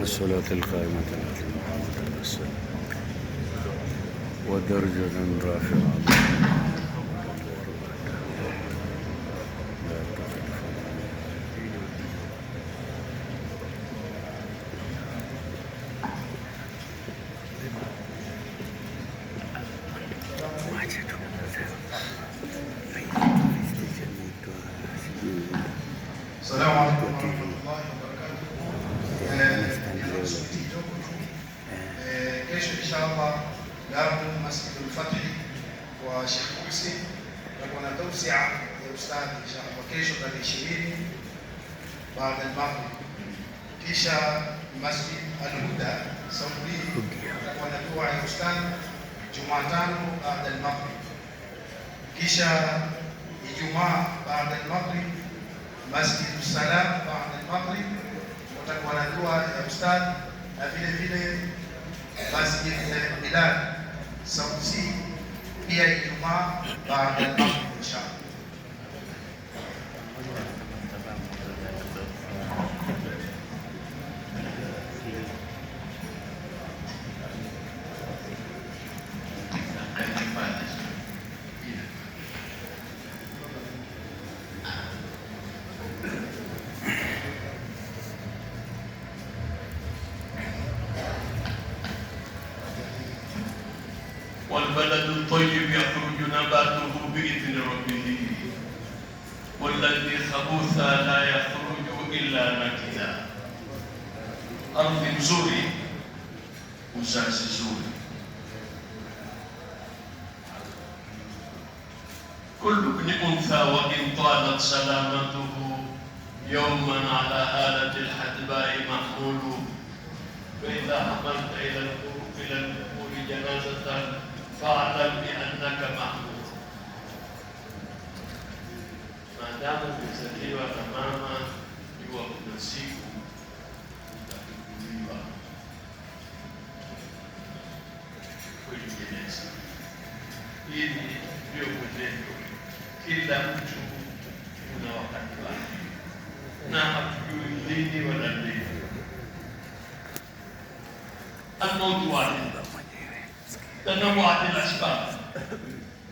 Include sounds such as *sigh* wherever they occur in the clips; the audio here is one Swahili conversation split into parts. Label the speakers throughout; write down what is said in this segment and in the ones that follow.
Speaker 1: والصلاة القائمة على محمد وسلم ودرجة رافعة
Speaker 2: kwa Sheikh na kuna tausia ya ustadi inshallah kesho tarehe ishirini baada ya maghrib, kisha Masjid Al-Huda Saudi atakuwa na dua ya ustadi Jumatano baada ya maghrib, kisha Ijumaa baada ya maghrib Masjid Salam baada ya maghrib watakuwa na dua ya ustadi na vile vile Masjid Bilal Saudi piyai Cuma, Ba'da Al-Isha. بلد الطيب يخرج نباته بإذن ربه والذي خبوث لا يخرج إلا نكدا أرض زوري uzazi زوري كل ابن أنثى وإن طالت سلامته يوما على آلة الحدباء محمول فإذا حملت إلى الأمور جنازة fa'lam bi annaka mahmud. Maadamu umezaliwa na mama, jua kuna siku utachukuliwa kuingereza. Hili ndio mwenendo, kila mtu una wakati wake, na hatujui lini wanadei anotuwalinda tena mwate la shibaba.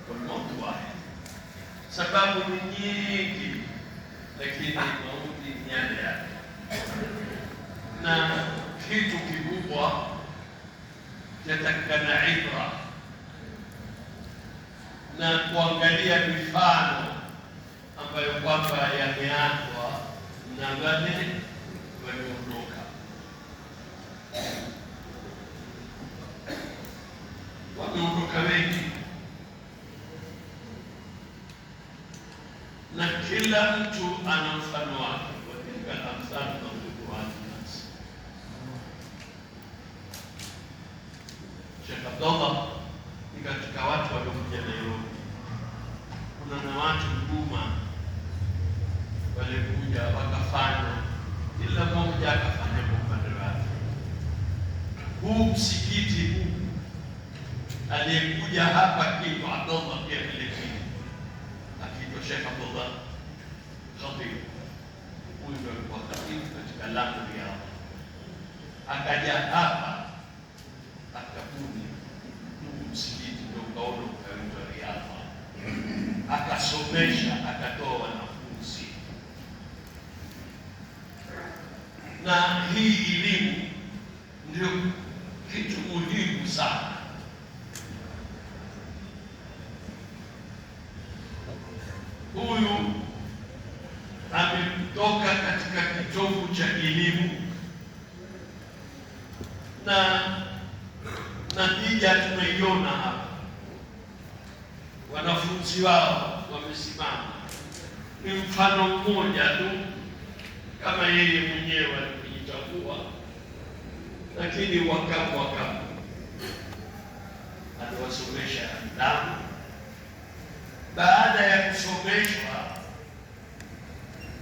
Speaker 2: Kwa mtu wake. Sababu ni nyingi. Lakini mauti nyanda yake. Na kitu kikubwa chatakana ibra na kuangalia mifano ambayo kwamba yameatwa na wale walio وكبيتي na kila mtu ana mfano wake, watilka amthal nadribuha linnas. Sheikh Abdallah akaja hapa akabuni ndugu msikiti, ndio ukaona ukaitwa Riafa, akasomesha akatoa wanafunzi na hii elimu wanafunzi wao wamesimama, ni mfano mmoja tu, kama yeye mwenyewe alikujitambua, lakini wakamu wakamu aliwasomesha ndamu. Baada ya kusomeshwa,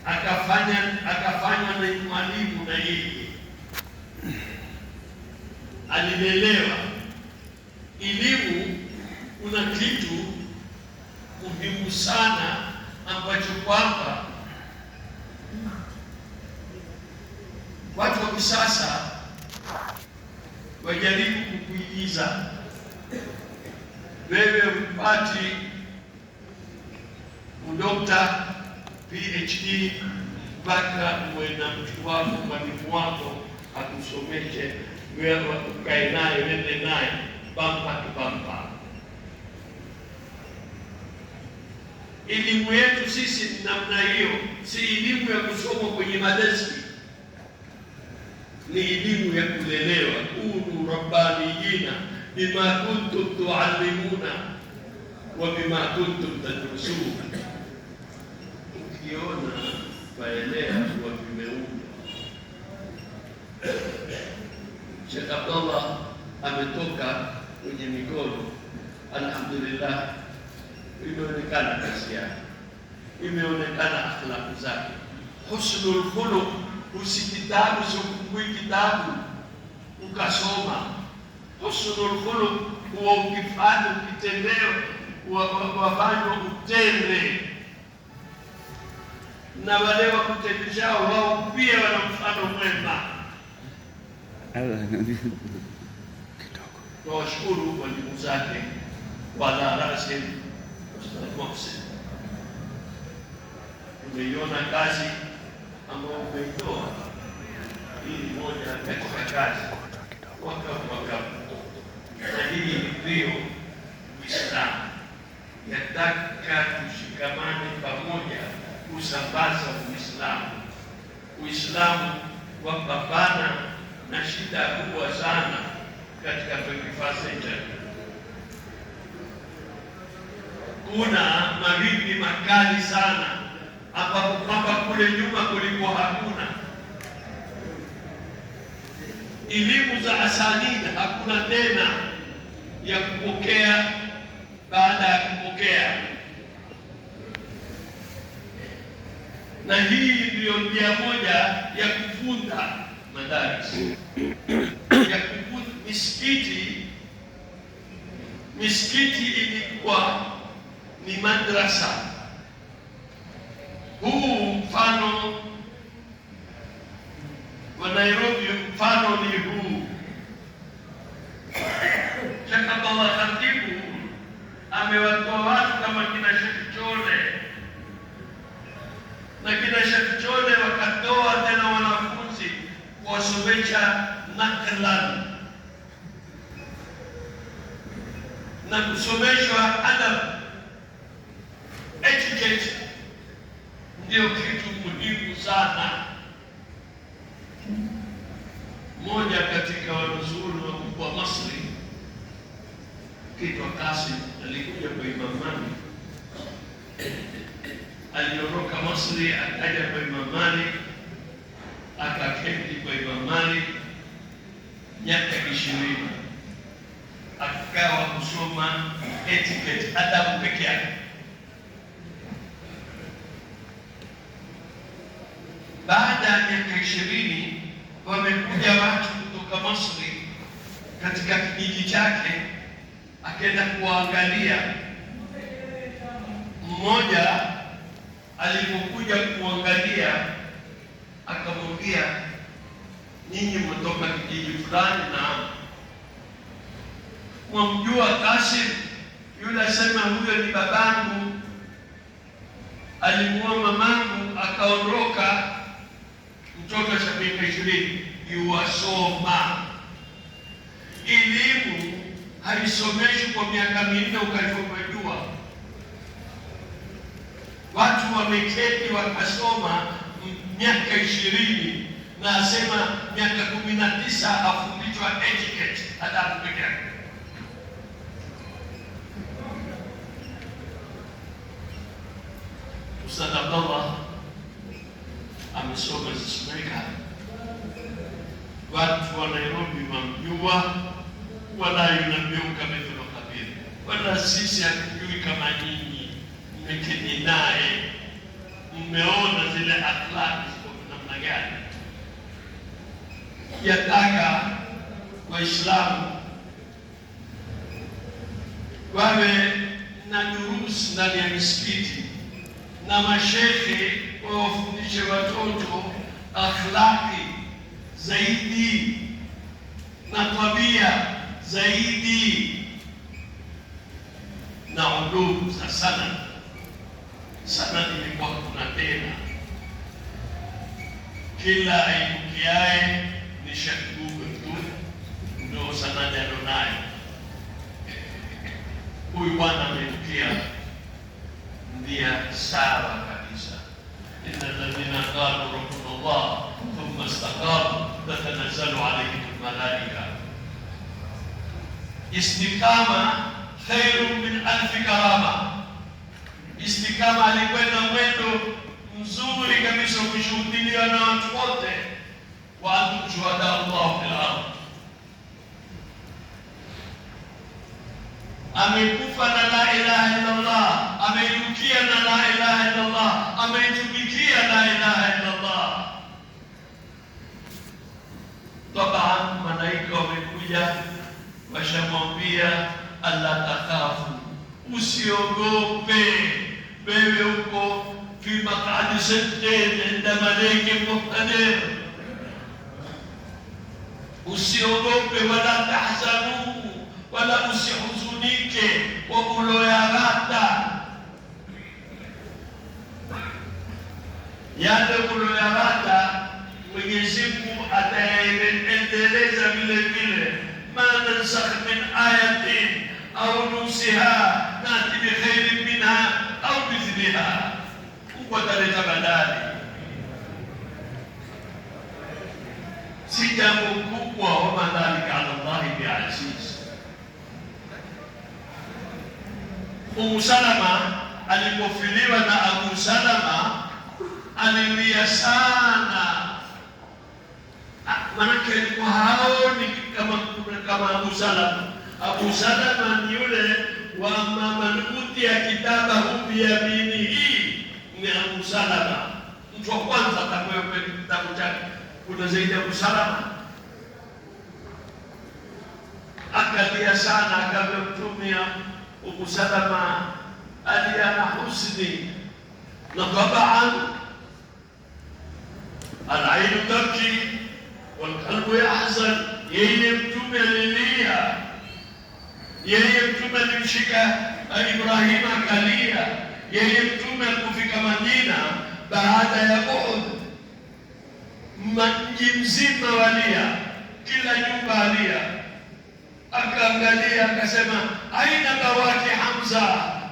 Speaker 2: akafanya akafanywa na mwalimu, na yeye alilelewa. Elimu kuna kitu sana ambacho kwamba watu wa kisasa wajaribu kukuigiza wewe upati udokta PhD mpaka uwe na mtu wako, mwalimu wako akusomeshe wewe, ukae naye, wende naye bampa tu bampa Elimu yetu sisi ni namna hiyo, si elimu ya kusoma kwenye madeski, ni elimu ya kulelewa. Kunu rabbaniyina bima kuntum tuallimuna wa bima kuntum tadrusun. Ukiona faelea kuwa vimeumbwa Sheikh Abdallah ametoka kwenye mikono, alhamdulillah imeonekana kazi yake, imeonekana akhlaqi zake, husnul khuluq. Usikitabu, usifungui kitabu ukasoma husnul khuluq, huwa ukifanya ukitendeo wafanywa utende na wale wa wakutendeshao wao pia wana mfano mwema. *laughs* Nawashukuru walimu zake wala rasi tunatakiwa kusema. Umeiona kazi ambayo umeitoa ili moja katika kazi wakawakavu, na hii ndiyo Uislamu yataka tushikamane pamoja kusambaza Uislamu, Uislamu wapambana na shida kubwa sana katika 21st century kuna mawimbi makali sana, ambapo kwamba kule nyuma kulikuwa hakuna elimu za asanid, hakuna tena ya kupokea baada ya kupokea, na hii ndiyo njia moja ya kufunda madaris ya kufunda misikiti. Misikiti ilikuwa ni madrasa. Huu mfano wa Nairobi, mfano ni huu aliondoka Masri akaja kwa Imam Malik, akaketi kwa Imam miaka ishirini, akawa kusoma etiketi adabu peke yake. Baada ya miaka ishirini wamekuja watu kutoka Masri katika kijiji chake, akaenda kuwaangalia mmoja alipokuja kuangalia akamwambia, ninyi mtoka kijiji fulani, na mwamjua Kashim yule? Asema huyo ni babangu, alimuoa mamangu akaondoka, mtoto cha miaka ishirini yuwasoma. Elimu haisomeshi kwa miaka minne uka watu wameketi wakasoma miaka ishirini na asema miaka kumi na tisa afundishwa etiketi adabu peke yake. Ustadh Abdallah amesoma Amerika, watu wa Nairobi wamjua, wala yunabeuka wala sisi hatujui kama nyinyi mitini naye, mmeona zile akhlaki namna gani? Yataka Waislamu wawe na durusi ndani ya misikiti na mashehe wawafundishe watoto akhlaki zaidi na tabia zaidi na udumu za sana sana nilikuwa kuna tena. Kila aibukiaye ni shakugwe tu, ndio sana jalonayo. Huyu bwana ameibukia, ndia sawa kabisa. ina alladhina qalu rabbuna Allah thumma istaqamu tatanazzalu alayhim almalaika, istiqama khairun min alfi karama Istikama alikwenda mwendo mzuri kabisa kushuhudilia na watu wote, wa antum shuhada Allahu fil ardh. Amekufa na la ilaha illa Allah, ameinukia na la ilaha illa Allah, ameitumikia la ilaha illa Allah. Tabaan, malaika wamekuja washamwambia, alla takhafu, usiogope wewe uko fi maqadi sittin inda malikin muqtadir. Usiogope wala tahzanu wala usihuzunike kwa uloyarata yale uloyarata wataleta bandari. Si jambo kubwa, wama dhalika ala llahi biaziz. Umu Salama alipofiliwa na Abu Salama alilia sana, ah, manake alikuwa haoni kama kama Abu Salama. Abu Salama ni yule wa man utiya kitabahu hii ni Abu Salama, mtu wa kwanza atakuwa kwenye kitabu chake. Kuna zaidi ya Abu Salama, akalia sana, akamwambia Mtume, Abu Salama alia na husni na tabaan alainu tabki walqalbu yahzan, yeye Mtume alilia, yeye Mtume alimshika Ibrahim akalia yeye Mtume alipofika Madina baada ya Uhud, mji mzima walia, kila nyumba alia, akaangalia akasema, aina bawaki Hamza,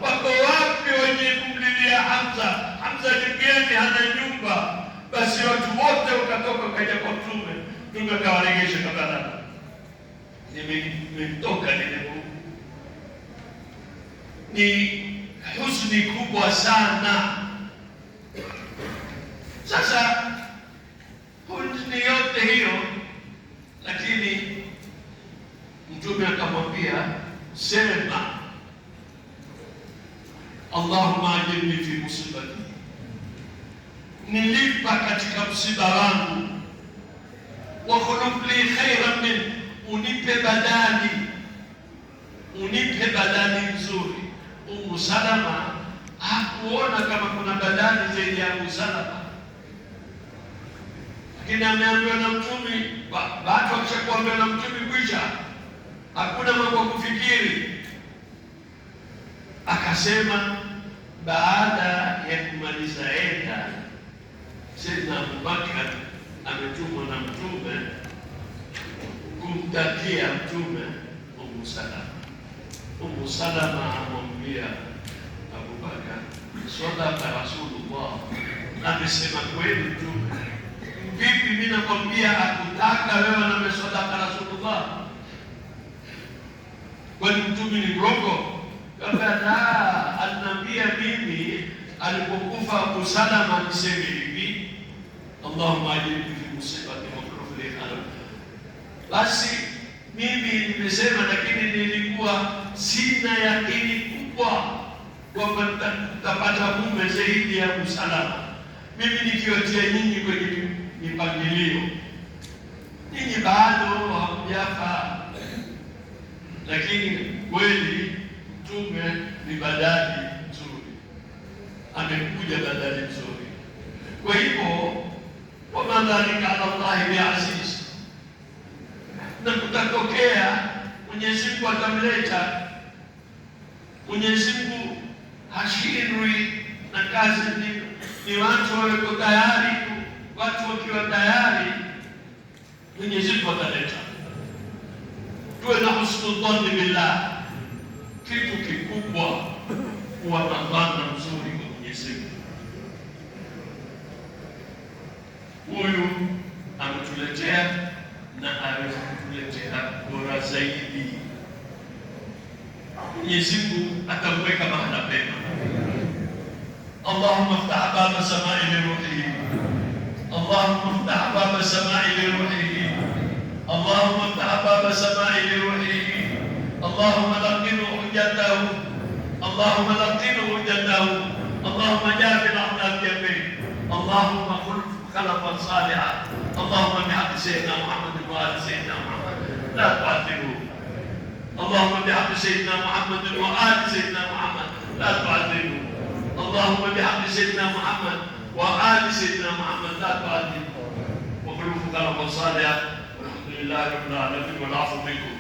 Speaker 2: wako wapi wenye kumlilia Hamza? Hamza ni mgeni, hana nyumba. Basi watu wote wakatoka wakaja kwa Mtume. Mtume akawaregesha kabla nimetoka, nimeku ni huzuni kubwa sana. Sasa huzuni yote hiyo, lakini mtume akamwambia sema, Allahumma ajirni fi musibati, nilipa katika msiba wangu, wa khuluf khairan min, unipe badali, unipe badali nzuri Umu Salama hakuona kama kuna badani zaidi ya Umu Salama, lakini ameambiwa na mtume baada ya kuambiwa na mtume kwisha, hakuna mambo kufikiri. Akasema baada ya kumaliza enda Sayyidna Abubakar ametumwa na mtume kumtakia mtume Umu Salama. Umu Salama amwambia Abubakar, sadaka Rasulullah, amesema kweli Mtume. Vipi mimi nakwambia akutaka wewe na sadaka Rasulullah? Kwani Mtume ni mrongo? Kabla ananiambia mimi alipokufa Abu Salama niseme hivi, Allahumma ajirni fi musibati wa qina adhaban. Basi mimi nimesema, lakini nilikuwa sina yakini kubwa kwamba nitapata mume zaidi ya usalama. Mimi nikiwatia nyinyi kwenye mipangilio, nyinyi bado hamjafa, lakini kweli Mtume ni badali nzuri, amekuja badali nzuri. Kwa hivyo wamadhalika ala llahi biaziz na kutatokea. Mwenyezi Mungu atamleta. Mwenyezi Mungu hashindwi na kazi, ni, ni watu waweko tayari. Watu wakiwa tayari, Mwenyezi Mungu ataleta. Tuwe na husnul billah. Kitu kikubwa kuwa na dhana mzuri kwa Mwenyezi Mungu. Huyu ametuletea na aweze kutuletea bora zaidi. Mwenyezi Mungu atamweka mahala pema. Allahumma iftah baba samai liruhi, Allahumma iftah baba samai liruhi, Allahumma iftah baba samai liruhi, Allahumma laqinu hujjatahu, Allahumma laqinu hujjatahu, Allahumma jaabil ahna al-jabir, Allahumma khulf خلقا صالحا اللهم بحق سيدنا محمد وآل سيدنا محمد لا تعذبه اللهم بحق سيدنا محمد وآل سيدنا محمد لا تعذبه اللهم بحق سيدنا محمد وآل سيدنا محمد لا تعذبه وقلوب خلقا صالحا والحمد لله رب العالمين والعفو منكم